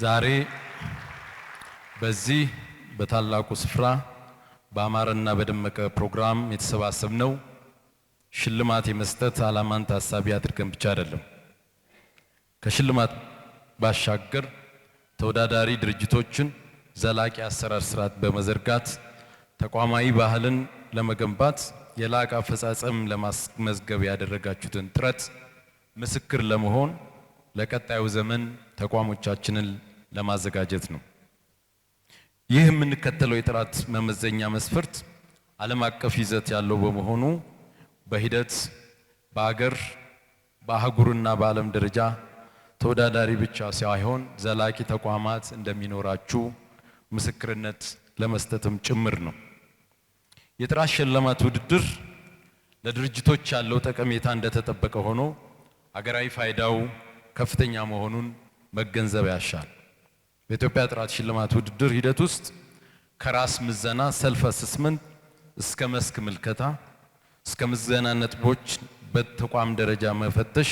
ዛሬ በዚህ በታላቁ ስፍራ በአማረና በደመቀ ፕሮግራም የተሰባሰብነው ሽልማት የመስጠት ዓላማን ታሳቢ አድርገን ብቻ አይደለም። ከሽልማት ባሻገር ተወዳዳሪ ድርጅቶችን ዘላቂ አሰራር ስርዓት በመዘርጋት ተቋማዊ ባህልን ለመገንባት የላቀ አፈጻጸም ለማስመዝገብ ያደረጋችሁትን ጥረት ምስክር ለመሆን ለቀጣዩ ዘመን ተቋሞቻችንን ለማዘጋጀት ነው። ይህ የምንከተለው የጥራት መመዘኛ መስፈርት ዓለም አቀፍ ይዘት ያለው በመሆኑ በሂደት በአገር በአህጉርና በዓለም ደረጃ ተወዳዳሪ ብቻ ሳይሆን ዘላቂ ተቋማት እንደሚኖራችሁ ምስክርነት ለመስጠትም ጭምር ነው። የጥራት ሽልማት ውድድር ለድርጅቶች ያለው ጠቀሜታ እንደተጠበቀ ሆኖ አገራዊ ፋይዳው ከፍተኛ መሆኑን መገንዘብ ያሻል። በኢትዮጵያ ጥራት ሽልማት ውድድር ሂደት ውስጥ ከራስ ምዘና ሰልፍ አሰስመንት እስከ መስክ ምልከታ እስከ ምዘና ነጥቦች በተቋም ደረጃ መፈተሽ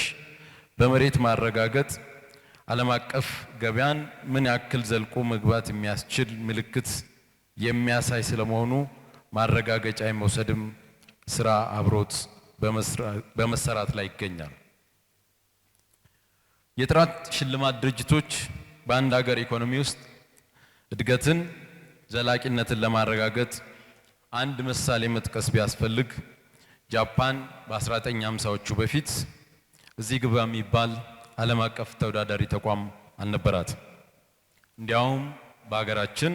በመሬት ማረጋገጥ ዓለም አቀፍ ገበያን ምን ያክል ዘልቆ መግባት የሚያስችል ምልክት የሚያሳይ ስለመሆኑ ማረጋገጫ የመውሰድም ስራ አብሮት በመሰራት ላይ ይገኛል። የጥራት ሽልማት ድርጅቶች በአንድ ሀገር ኢኮኖሚ ውስጥ እድገትን ዘላቂነትን ለማረጋገጥ አንድ ምሳሌ መጥቀስ ቢያስፈልግ ጃፓን በ1950ዎቹ በፊት እዚህ ግባ የሚባል ዓለም አቀፍ ተወዳዳሪ ተቋም አልነበራት። እንዲያውም በሀገራችን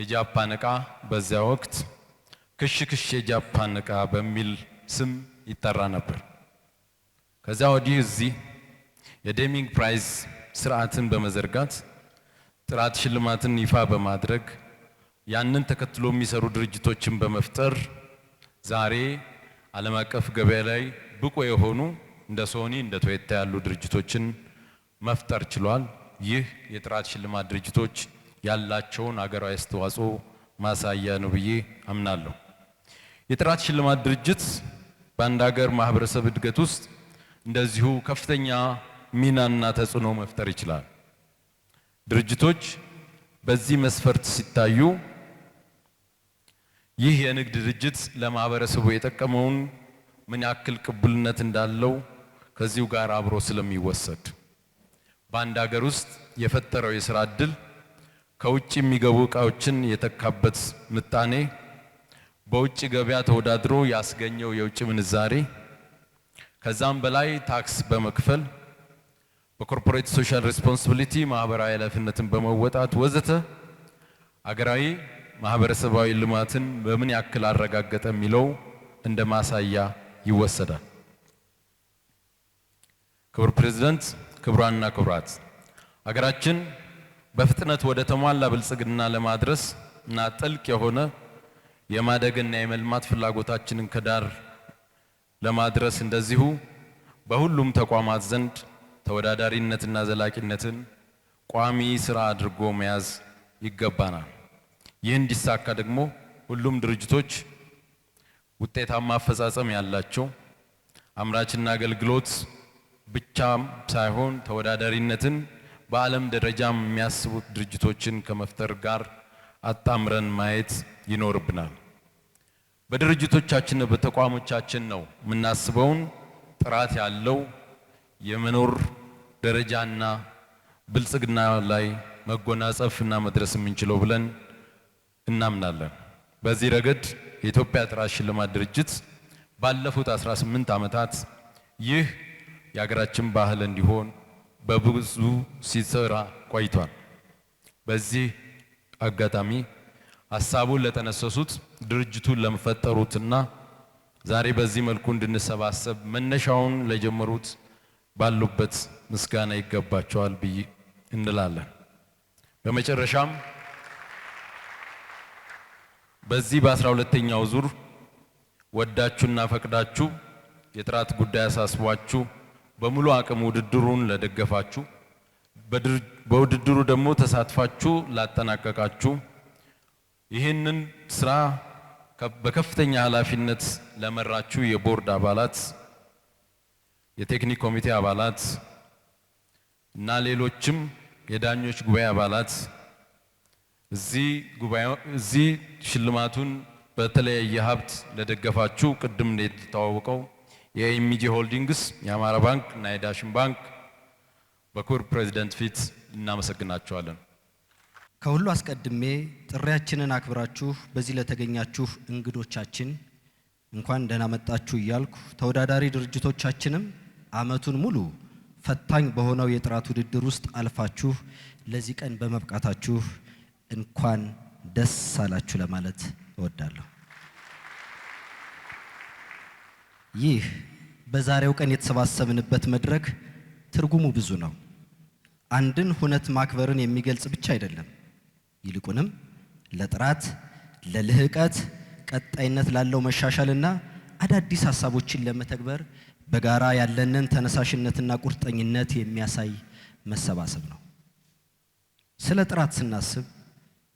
የጃፓን እቃ በዚያ ወቅት ክሽ ክሽ የጃፓን እቃ በሚል ስም ይጠራ ነበር። ከዚያ ወዲህ እዚህ የዴሚንግ ፕራይዝ ስርዓትን በመዘርጋት ጥራት ሽልማትን ይፋ በማድረግ ያንን ተከትሎ የሚሰሩ ድርጅቶችን በመፍጠር ዛሬ ዓለም አቀፍ ገበያ ላይ ብቁ የሆኑ እንደ ሶኒ እንደ ቶዮታ ያሉ ድርጅቶችን መፍጠር ችሏል። ይህ የጥራት ሽልማት ድርጅቶች ያላቸውን አገራዊ አስተዋጽኦ ማሳያ ነው ብዬ አምናለሁ። የጥራት ሽልማት ድርጅት በአንድ ሀገር ማህበረሰብ እድገት ውስጥ እንደዚሁ ከፍተኛ ሚናና ተጽዕኖ መፍጠር ይችላል። ድርጅቶች በዚህ መስፈርት ሲታዩ ይህ የንግድ ድርጅት ለማህበረሰቡ የጠቀመውን ምን ያክል ቅቡልነት እንዳለው ከዚሁ ጋር አብሮ ስለሚወሰድ በአንድ ሀገር ውስጥ የፈጠረው የስራ እድል ከውጭ የሚገቡ እቃዎችን የተካበት ምጣኔ በውጭ ገበያ ተወዳድሮ ያስገኘው የውጭ ምንዛሬ ከዛም በላይ ታክስ በመክፈል በኮርፖሬት ሶሻል ሬስፖንሲቢሊቲ ማህበራዊ ኃላፊነትን በመወጣት ወዘተ አገራዊ ማህበረሰባዊ ልማትን በምን ያክል አረጋገጠ የሚለው እንደ ማሳያ ይወሰዳል። ክቡር ፕሬዝደንት፣ ክቡራንና ክቡራት አገራችን በፍጥነት ወደ ተሟላ ብልጽግና ለማድረስ እና ጥልቅ የሆነ የማደግና የመልማት ፍላጎታችንን ከዳር ለማድረስ እንደዚሁ በሁሉም ተቋማት ዘንድ ተወዳዳሪነትና ዘላቂነትን ቋሚ ስራ አድርጎ መያዝ ይገባናል። ይህ እንዲሳካ ደግሞ ሁሉም ድርጅቶች ውጤታማ አፈጻጸም ያላቸው አምራችና አገልግሎት ብቻም ሳይሆን ተወዳዳሪነትን በዓለም ደረጃም የሚያስቡ ድርጅቶችን ከመፍጠር ጋር አጣምረን ማየት ይኖርብናል። በድርጅቶቻችን በተቋሞቻችን ነው የምናስበውን ጥራት ያለው የመኖር ደረጃና ብልጽግና ላይ መጎናጸፍና መድረስ የምንችለው ብለን እናምናለን። በዚህ ረገድ የኢትዮጵያ ጥራት ሽልማት ድርጅት ባለፉት 18 ዓመታት ይህ የሀገራችን ባህል እንዲሆን በብዙ ሲሰራ ቆይቷል። በዚህ አጋጣሚ ሀሳቡን ለተነሰሱት ድርጅቱን ለመፈጠሩትና ዛሬ በዚህ መልኩ እንድንሰባሰብ መነሻውን ለጀመሩት ባሉበት ምስጋና ይገባቸዋል ብዬ እንላለን። በመጨረሻም በዚህ በአስራ ሁለተኛው ዙር ወዳችሁና ፈቅዳችሁ የጥራት ጉዳይ አሳስቧችሁ በሙሉ አቅም ውድድሩን ለደገፋችሁ በውድድሩ ደግሞ ተሳትፋችሁ ላጠናቀቃችሁ ይህንን ስራ በከፍተኛ ኃላፊነት ለመራችሁ የቦርድ አባላት የቴክኒክ ኮሚቴ አባላት እና ሌሎችም የዳኞች ጉባኤ አባላት እዚህ ሽልማቱን በተለያየ ሀብት ለደገፋችሁ ቅድም እንደተተዋወቀው የኤሚጂ ሆልዲንግስ የአማራ ባንክ እና የዳሽን ባንክ በኩር ፕሬዚደንት ፊት እናመሰግናቸዋለን። ከሁሉ አስቀድሜ ጥሪያችንን አክብራችሁ በዚህ ለተገኛችሁ እንግዶቻችን እንኳን ደህና መጣችሁ እያልኩ ተወዳዳሪ ድርጅቶቻችንም አመቱን ሙሉ ፈታኝ በሆነው የጥራት ውድድር ውስጥ አልፋችሁ ለዚህ ቀን በመብቃታችሁ እንኳን ደስ አላችሁ ለማለት እወዳለሁ። ይህ በዛሬው ቀን የተሰባሰብንበት መድረክ ትርጉሙ ብዙ ነው። አንድን ሁነት ማክበርን የሚገልጽ ብቻ አይደለም። ይልቁንም ለጥራት፣ ለልህቀት፣ ቀጣይነት ላለው መሻሻልና አዳዲስ ሀሳቦችን ለመተግበር በጋራ ያለንን ተነሳሽነትና ቁርጠኝነት የሚያሳይ መሰባሰብ ነው። ስለ ጥራት ስናስብ፣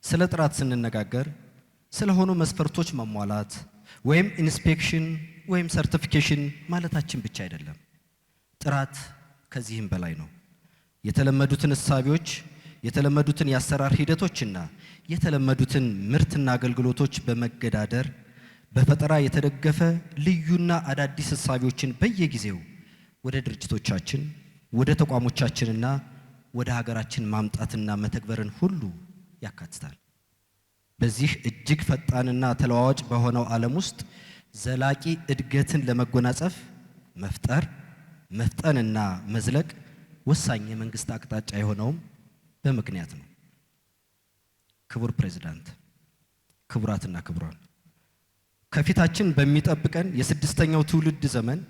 ስለ ጥራት ስንነጋገር ስለሆኑ መስፈርቶች መሟላት ወይም ኢንስፔክሽን ወይም ሰርቲፊኬሽን ማለታችን ብቻ አይደለም። ጥራት ከዚህም በላይ ነው። የተለመዱትን እሳቤዎች፣ የተለመዱትን የአሰራር ሂደቶችና የተለመዱትን ምርትና አገልግሎቶች በመገዳደር በፈጠራ የተደገፈ ልዩና አዳዲስ ሳቢዎችን በየጊዜው ወደ ድርጅቶቻችን ወደ ተቋሞቻችንና ወደ ሀገራችን ማምጣትና መተግበርን ሁሉ ያካትታል። በዚህ እጅግ ፈጣንና ተለዋዋጭ በሆነው ዓለም ውስጥ ዘላቂ እድገትን ለመጎናጸፍ መፍጠር መፍጠንና መዝለቅ ወሳኝ የመንግስት አቅጣጫ የሆነውም በምክንያት ነው። ክቡር ፕሬዝዳንት፣ ክቡራትና ክቡራን ከፊታችን በሚጠብቀን የስድስተኛው ትውልድ ዘመን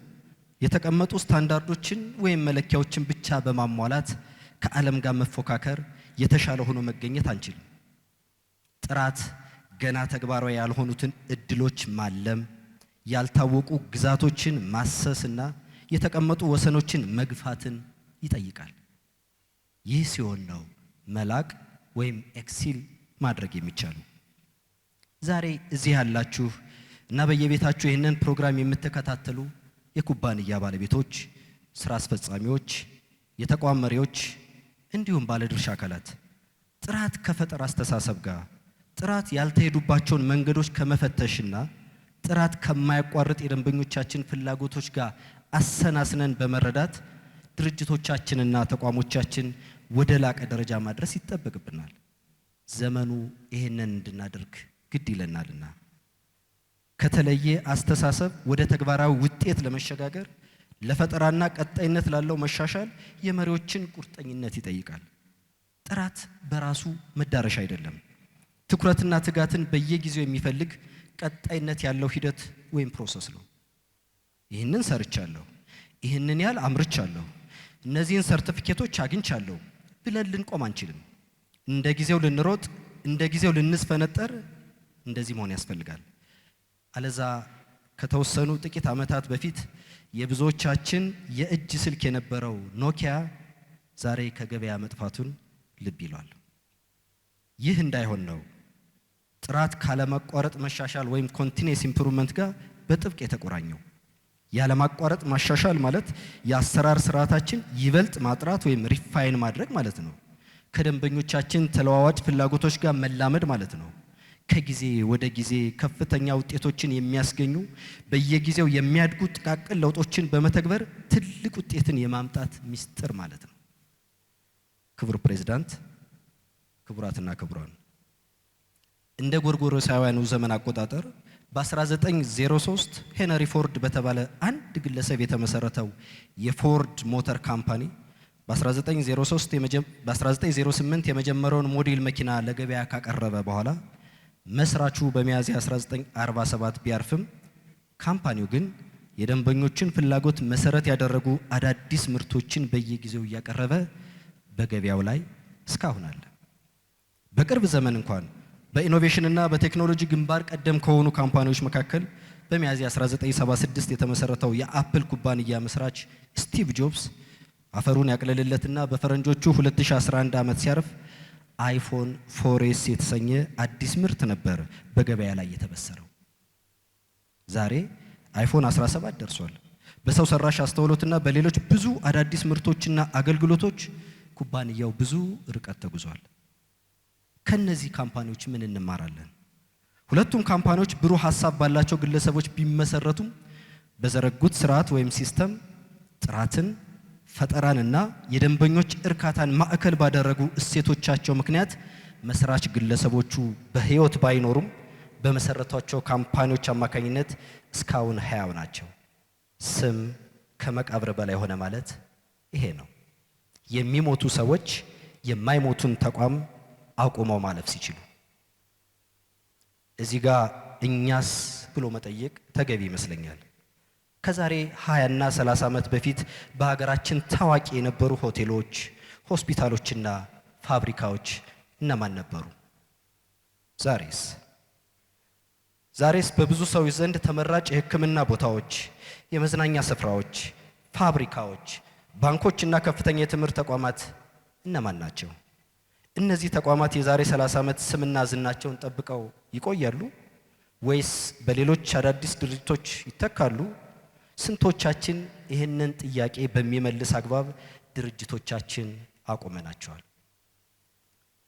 የተቀመጡ ስታንዳርዶችን ወይም መለኪያዎችን ብቻ በማሟላት ከዓለም ጋር መፎካከር የተሻለ ሆኖ መገኘት አንችልም። ጥራት፣ ገና ተግባራዊ ያልሆኑትን እድሎች ማለም፣ ያልታወቁ ግዛቶችን ማሰስና የተቀመጡ ወሰኖችን መግፋትን ይጠይቃል። ይህ ሲሆን ነው መላቅ ወይም ኤክሲል ማድረግ የሚቻሉ። ዛሬ እዚህ ያላችሁ እና በየቤታችሁ ይህንን ፕሮግራም የምትከታተሉ የኩባንያ ባለቤቶች፣ ስራ አስፈጻሚዎች፣ የተቋም መሪዎች እንዲሁም ባለድርሻ አካላት ጥራት ከፈጠር አስተሳሰብ ጋር ጥራት ያልተሄዱባቸውን መንገዶች ከመፈተሽና ጥራት ከማያቋርጥ የደንበኞቻችን ፍላጎቶች ጋር አሰናስነን በመረዳት ድርጅቶቻችንና ተቋሞቻችን ወደ ላቀ ደረጃ ማድረስ ይጠበቅብናል። ዘመኑ ይህንን እንድናደርግ ግድ ይለናልና ከተለየ አስተሳሰብ ወደ ተግባራዊ ውጤት ለመሸጋገር ለፈጠራና ቀጣይነት ላለው መሻሻል የመሪዎችን ቁርጠኝነት ይጠይቃል። ጥራት በራሱ መዳረሻ አይደለም። ትኩረትና ትጋትን በየጊዜው የሚፈልግ ቀጣይነት ያለው ሂደት ወይም ፕሮሰስ ነው። ይህንን ሰርቻለሁ፣ ይህንን ያህል አምርቻለሁ፣ እነዚህን ሰርቲፊኬቶች አግኝቻለሁ ብለን ልንቆም አንችልም። እንደ ጊዜው ልንሮጥ፣ እንደ ጊዜው ልንስፈነጠር፣ እንደዚህ መሆን ያስፈልጋል። አለዛ ከተወሰኑ ጥቂት ዓመታት በፊት የብዙዎቻችን የእጅ ስልክ የነበረው ኖኪያ ዛሬ ከገበያ መጥፋቱን ልብ ይሏል። ይህ እንዳይሆን ነው ጥራት ካለማቋረጥ መሻሻል ወይም ኮንቲኒየስ ኢምፕሩቭመንት ጋር በጥብቅ የተቆራኘው። ያለማቋረጥ ማሻሻል ማለት የአሰራር ስርዓታችን ይበልጥ ማጥራት ወይም ሪፋይን ማድረግ ማለት ነው። ከደንበኞቻችን ተለዋዋጭ ፍላጎቶች ጋር መላመድ ማለት ነው። ከጊዜ ወደ ጊዜ ከፍተኛ ውጤቶችን የሚያስገኙ በየጊዜው የሚያድጉ ጥቃቅን ለውጦችን በመተግበር ትልቅ ውጤትን የማምጣት ሚስጥር ማለት ነው። ክቡር ፕሬዝዳንት፣ ክቡራትና ክቡራን እንደ ጎርጎሮሳውያኑ ዘመን አቆጣጠር በ1903 ሄነሪ ፎርድ በተባለ አንድ ግለሰብ የተመሰረተው የፎርድ ሞተር ካምፓኒ በ1908 የመጀመሪያውን ሞዴል መኪና ለገበያ ካቀረበ በኋላ መስራቹ በሚያዝያ 1947 ቢያርፍም ካምፓኒው ግን የደንበኞችን ፍላጎት መሰረት ያደረጉ አዳዲስ ምርቶችን በየጊዜው እያቀረበ በገበያው ላይ እስካሁን አለ። በቅርብ ዘመን እንኳን በኢኖቬሽንና በቴክኖሎጂ ግንባር ቀደም ከሆኑ ካምፓኒዎች መካከል በሚያዝያ 1976 የተመሰረተው የአፕል ኩባንያ መስራች ስቲቭ ጆብስ አፈሩን ያቅልልለትና በፈረንጆቹ 2011 ዓመት ሲያርፍ አይፎን ፎሬስ የተሰኘ አዲስ ምርት ነበር በገበያ ላይ የተበሰረው። ዛሬ አይፎን 17 ደርሷል። በሰው ሰራሽ አስተውሎትና በሌሎች ብዙ አዳዲስ ምርቶችና አገልግሎቶች ኩባንያው ብዙ ርቀት ተጉዟል። ከነዚህ ካምፓኒዎች ምን እንማራለን? ሁለቱም ካምፓኒዎች ብሩህ ሀሳብ ባላቸው ግለሰቦች ቢመሰረቱም በዘረጉት ስርዓት ወይም ሲስተም ጥራትን ፈጠራንና የደንበኞች እርካታን ማዕከል ባደረጉ እሴቶቻቸው ምክንያት መስራች ግለሰቦቹ በህይወት ባይኖሩም በመሰረቷቸው ካምፓኒዎች አማካኝነት እስካሁን ህያው ናቸው። ስም ከመቃብር በላይ ሆነ ማለት ይሄ ነው። የሚሞቱ ሰዎች የማይሞቱን ተቋም አቁመው ማለፍ ሲችሉ እዚህ ጋር እኛስ ብሎ መጠየቅ ተገቢ ይመስለኛል። ከዛሬ 20 እና 30 ዓመት በፊት በሀገራችን ታዋቂ የነበሩ ሆቴሎች፣ ሆስፒታሎችና ፋብሪካዎች እነማን ነበሩ? ዛሬስ ዛሬስ በብዙ ሰዎች ዘንድ ተመራጭ የሕክምና ቦታዎች፣ የመዝናኛ ስፍራዎች፣ ፋብሪካዎች፣ ባንኮች እና ከፍተኛ የትምህርት ተቋማት እነማን ናቸው? እነዚህ ተቋማት የዛሬ 30 ዓመት ስምና ዝናቸውን ጠብቀው ይቆያሉ ወይስ በሌሎች አዳዲስ ድርጅቶች ይተካሉ? ስንቶቻችን ይህንን ጥያቄ በሚመልስ አግባብ ድርጅቶቻችን አቁመናቸዋል?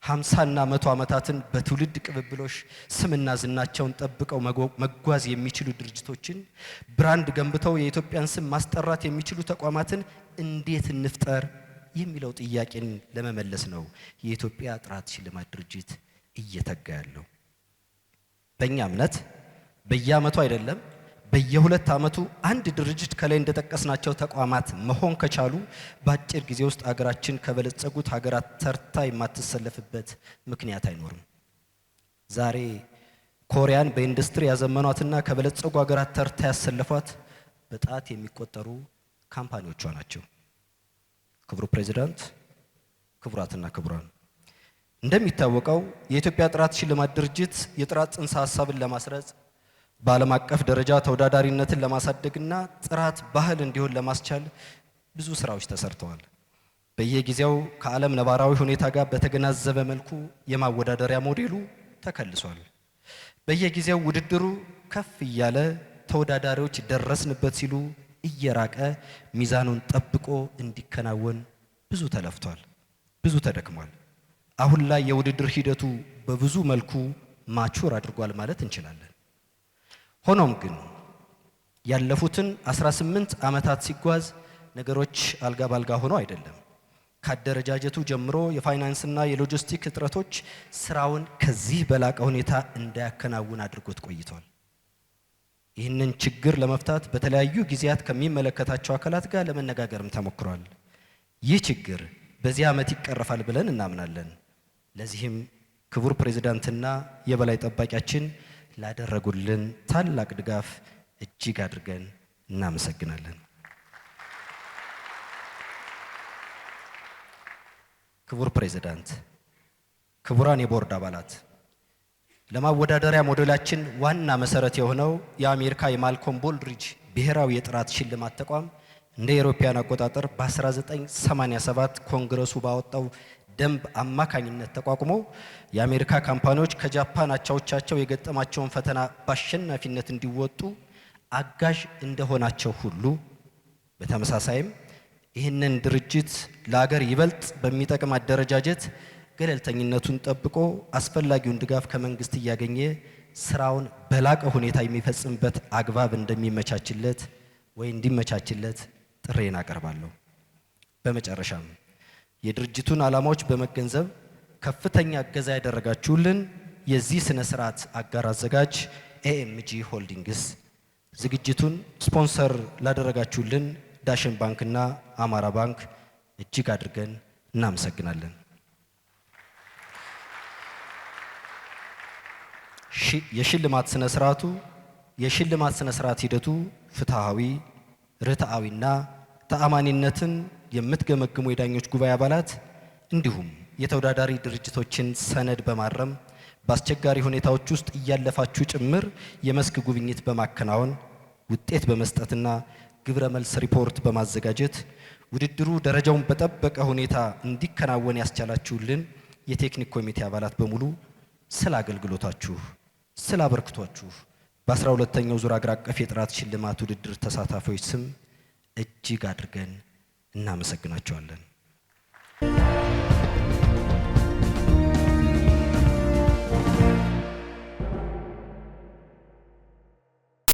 ሀምሳና መቶ ዓመታትን በትውልድ ቅብብሎሽ ስምና ዝናቸውን ጠብቀው መጓዝ የሚችሉ ድርጅቶችን ብራንድ ገንብተው የኢትዮጵያን ስም ማስጠራት የሚችሉ ተቋማትን እንዴት እንፍጠር የሚለው ጥያቄን ለመመለስ ነው የኢትዮጵያ ጥራት ሽልማት ድርጅት እየተጋ ያለው። በእኛ እምነት በየዓመቱ አይደለም በየሁለት ዓመቱ አንድ ድርጅት ከላይ እንደጠቀስናቸው ተቋማት መሆን ከቻሉ በአጭር ጊዜ ውስጥ ሀገራችን ከበለጸጉት ሀገራት ተርታ የማትሰለፍበት ምክንያት አይኖርም። ዛሬ ኮሪያን በኢንዱስትሪ ያዘመኗትና ከበለጸጉ ሀገራት ተርታ ያሰለፏት በጣት የሚቆጠሩ ካምፓኒዎቿ ናቸው። ክቡር ፕሬዚዳንት፣ ክቡራትና ክቡራን እንደሚታወቀው የኢትዮጵያ ጥራት ሽልማት ድርጅት የጥራት ጽንሰ ሀሳብን ለማስረጽ በዓለም አቀፍ ደረጃ ተወዳዳሪነትን ለማሳደግና ጥራት ባህል እንዲሆን ለማስቻል ብዙ ስራዎች ተሰርተዋል። በየጊዜው ከዓለም ነባራዊ ሁኔታ ጋር በተገናዘበ መልኩ የማወዳደሪያ ሞዴሉ ተከልሷል። በየጊዜው ውድድሩ ከፍ እያለ ተወዳዳሪዎች ደረስንበት ሲሉ እየራቀ ሚዛኑን ጠብቆ እንዲከናወን ብዙ ተለፍቷል፣ ብዙ ተደክሟል። አሁን ላይ የውድድር ሂደቱ በብዙ መልኩ ማቹር አድርጓል ማለት እንችላለን። ሆኖም ግን ያለፉትን 18 ዓመታት ሲጓዝ ነገሮች አልጋ ባልጋ ሆኖ አይደለም። ከአደረጃጀቱ ጀምሮ የፋይናንስና የሎጂስቲክ እጥረቶች ስራውን ከዚህ በላቀ ሁኔታ እንዳያከናውን አድርጎት ቆይቷል። ይህንን ችግር ለመፍታት በተለያዩ ጊዜያት ከሚመለከታቸው አካላት ጋር ለመነጋገርም ተሞክሯል። ይህ ችግር በዚህ ዓመት ይቀረፋል ብለን እናምናለን። ለዚህም ክቡር ፕሬዚዳንትና የበላይ ጠባቂያችን ላደረጉልን ታላቅ ድጋፍ እጅግ አድርገን እናመሰግናለን። ክቡር ፕሬዝዳንት፣ ክቡራን የቦርድ አባላት ለማወዳደሪያ ሞዴላችን ዋና መሰረት የሆነው የአሜሪካ የማልኮም ቦልድሪጅ ብሔራዊ የጥራት ሽልማት ተቋም እንደ አውሮፓውያን አቆጣጠር በ1987 ኮንግረሱ ባወጣው ደንብ አማካኝነት ተቋቁሞ የአሜሪካ ካምፓኒዎች ከጃፓን አቻዎቻቸው የገጠማቸውን ፈተና በአሸናፊነት እንዲወጡ አጋዥ እንደሆናቸው ሁሉ በተመሳሳይም ይህንን ድርጅት ለሀገር ይበልጥ በሚጠቅም አደረጃጀት ገለልተኝነቱን ጠብቆ አስፈላጊውን ድጋፍ ከመንግስት እያገኘ ስራውን በላቀ ሁኔታ የሚፈጽምበት አግባብ እንደሚመቻችለት ወይ እንዲመቻችለት ጥሬን አቀርባለሁ። በመጨረሻም የድርጅቱን ዓላማዎች በመገንዘብ ከፍተኛ እገዛ ያደረጋችሁልን የዚህ ስነ ስርዓት አጋር አዘጋጅ ኤኤምጂ ሆልዲንግስ፣ ዝግጅቱን ስፖንሰር ላደረጋችሁልን ዳሽን ባንክና አማራ ባንክ እጅግ አድርገን እናመሰግናለን። የሽልማት ስነ ስርዓቱ የሽልማት ስነ ስርዓት ሂደቱ ፍትሐዊ ርትዓዊና ተአማኒነትን የምትገመግሙ የዳኞች ጉባኤ አባላት እንዲሁም የተወዳዳሪ ድርጅቶችን ሰነድ በማረም በአስቸጋሪ ሁኔታዎች ውስጥ እያለፋችሁ ጭምር የመስክ ጉብኝት በማከናወን ውጤት በመስጠትና ግብረ መልስ ሪፖርት በማዘጋጀት ውድድሩ ደረጃውን በጠበቀ ሁኔታ እንዲከናወን ያስቻላችሁልን የቴክኒክ ኮሚቴ አባላት በሙሉ ስለ አገልግሎታችሁ ስለ አበርክቷችሁ በ12ኛው ዙር አገር አቀፍ የጥራት ሽልማት ውድድር ተሳታፊዎች ስም እጅግ አድርገን እናመሰግናቸዋለን።